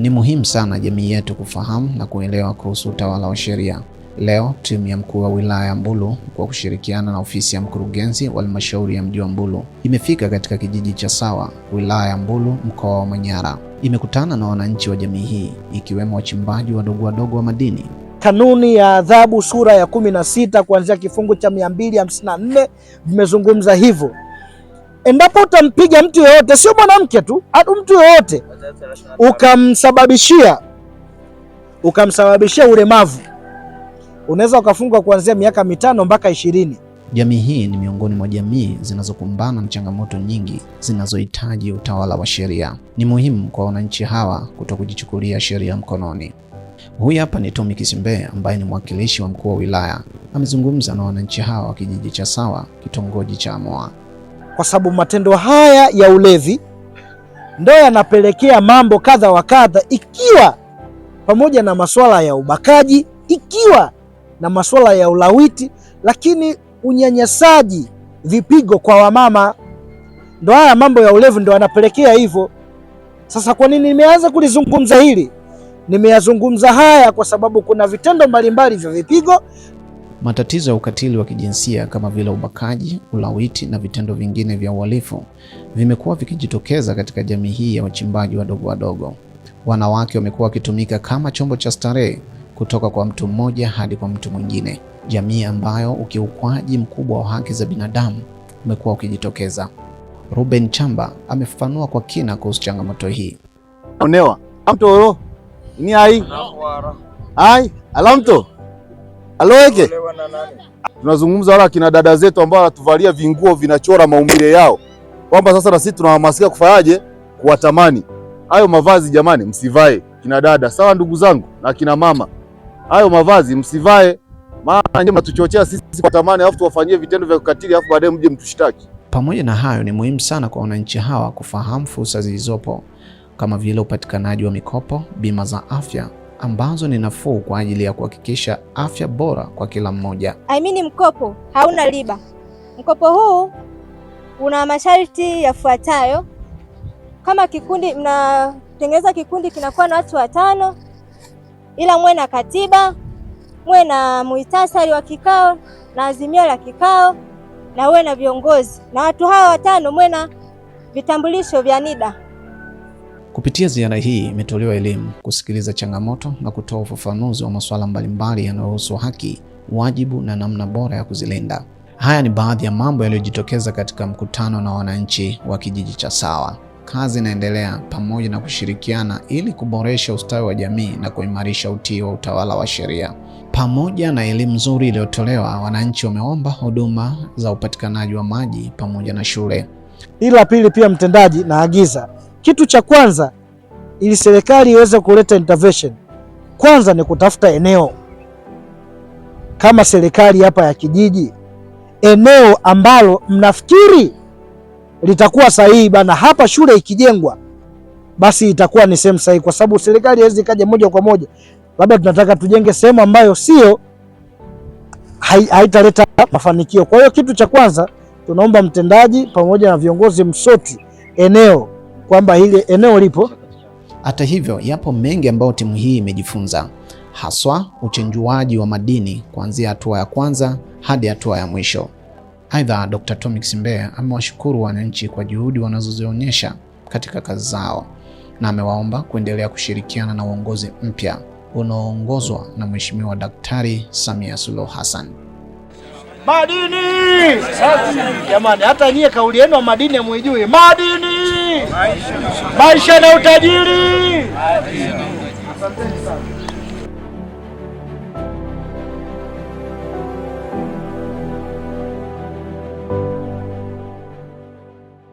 Ni muhimu sana jamii yetu kufahamu na kuelewa kuhusu utawala wa sheria. Leo timu ya mkuu wa wilaya ya Mbulu kwa kushirikiana na ofisi ya mkurugenzi wa halmashauri ya mji wa Mbulu imefika katika kijiji cha Sawa, wilaya ya Mbulu, mkoa wa Manyara. Imekutana na wananchi wa jamii hii ikiwemo wachimbaji wadogo wadogo wa madini. Kanuni ya adhabu sura ya kumi na sita kuanzia kifungu cha mia mbili hamsini na nne vimezungumza hivyo, endapo utampiga mtu yoyote, sio mwanamke tu, mtu yoyote ukamsababishia ukamsababishia ulemavu, unaweza ukafungwa kuanzia miaka mitano mpaka ishirini. Jamii hii ni miongoni mwa jamii zinazokumbana na changamoto nyingi zinazohitaji utawala wa sheria. Ni muhimu kwa wananchi hawa kuto kujichukulia sheria mkononi. Huyu hapa ni Tommy Kisimbe ambaye ni mwakilishi wa mkuu wa wilaya, amezungumza na wananchi hawa wa kijiji cha Sawa, kitongoji cha Amoa, kwa sababu matendo haya ya ulevi ndo yanapelekea mambo kadha wa kadha, ikiwa pamoja na masuala ya ubakaji, ikiwa na masuala ya ulawiti, lakini unyanyasaji, vipigo kwa wamama, ndo haya mambo ya ulevi ndo yanapelekea hivyo. Sasa kwa nini nimeanza kulizungumza hili? Nimeyazungumza haya kwa sababu kuna vitendo mbalimbali vya vipigo Matatizo ya ukatili wa kijinsia kama vile ubakaji, ulawiti na vitendo vingine vya uhalifu vimekuwa vikijitokeza katika jamii hii ya wachimbaji wadogo wadogo. Wanawake wamekuwa wakitumika kama chombo cha starehe kutoka kwa mtu mmoja hadi kwa mtu mwingine, jamii ambayo ukiukwaji mkubwa wa haki za binadamu umekuwa ukijitokeza. Ruben Chamba amefafanua kwa kina kuhusu changamoto hii. onewa amtoro ni ai ai alamto aloweke. Tunazungumza wala kina dada zetu ambao wanatuvalia vinguo vinachora maumbile yao, kwamba sasa na sisi tunahamasika kufanyaje, kuwatamani hayo mavazi. Jamani, msivae kina dada, sawa ndugu zangu na kina mama, hayo mavazi msivae, maana ndio mnatuchochea sisi kuwatamani, alafu tuwafanyie vitendo vya kukatili, alafu baadaye mje mtushtaki. Pamoja na hayo, ni muhimu sana kwa wananchi hawa kufahamu fursa zilizopo kama vile upatikanaji wa mikopo, bima za afya ambazo ni nafuu kwa ajili ya kuhakikisha afya bora kwa kila mmoja. aimini mkopo hauna riba. Mkopo huu una masharti yafuatayo. Kama kikundi, mnatengeneza kikundi kinakuwa na watu watano, ila muwe na katiba, muwe na muhtasari wa kikao na azimio la kikao, na uwe na viongozi, na watu hawa watano muwe na vitambulisho vya NIDA. Kupitia ziara hii imetolewa elimu, kusikiliza changamoto na kutoa ufafanuzi wa masuala mbalimbali yanayohusu haki, wajibu na namna bora ya kuzilinda. Haya ni baadhi ya mambo yaliyojitokeza katika mkutano na wananchi wa kijiji cha Sawa. Kazi inaendelea pamoja na kushirikiana ili kuboresha ustawi wa jamii na kuimarisha utii wa utawala wa sheria. Pamoja na elimu nzuri iliyotolewa, wananchi wameomba huduma za upatikanaji wa maji pamoja na shule. Ila pili pia, mtendaji, naagiza kitu cha kwanza ili serikali iweze kuleta intervention, kwanza ni kutafuta eneo kama serikali hapa ya kijiji, eneo ambalo mnafikiri litakuwa sahihi bana, hapa shule ikijengwa basi itakuwa ni sehemu sahihi, kwa sababu serikali haiwezi kaja moja kwa moja, labda tunataka tujenge sehemu ambayo sio haitaleta mafanikio. Kwa hiyo kitu cha kwanza tunaomba mtendaji pamoja na viongozi msoti eneo kwamba ile eneo lipo. Hata hivyo, yapo mengi ambayo timu hii imejifunza, haswa uchenjuaji wa madini kuanzia hatua ya kwanza hadi hatua ya mwisho. Aidha, Dr. Tomix Mbeya amewashukuru wananchi kwa juhudi wanazozionyesha katika kazi zao na amewaomba kuendelea kushirikiana na uongozi mpya unaoongozwa na Mheshimiwa Daktari Samia Suluhu Hassan. Madini jamani, hata nyie kauli yenu wa madini hamwijui madini maisha na utajiri.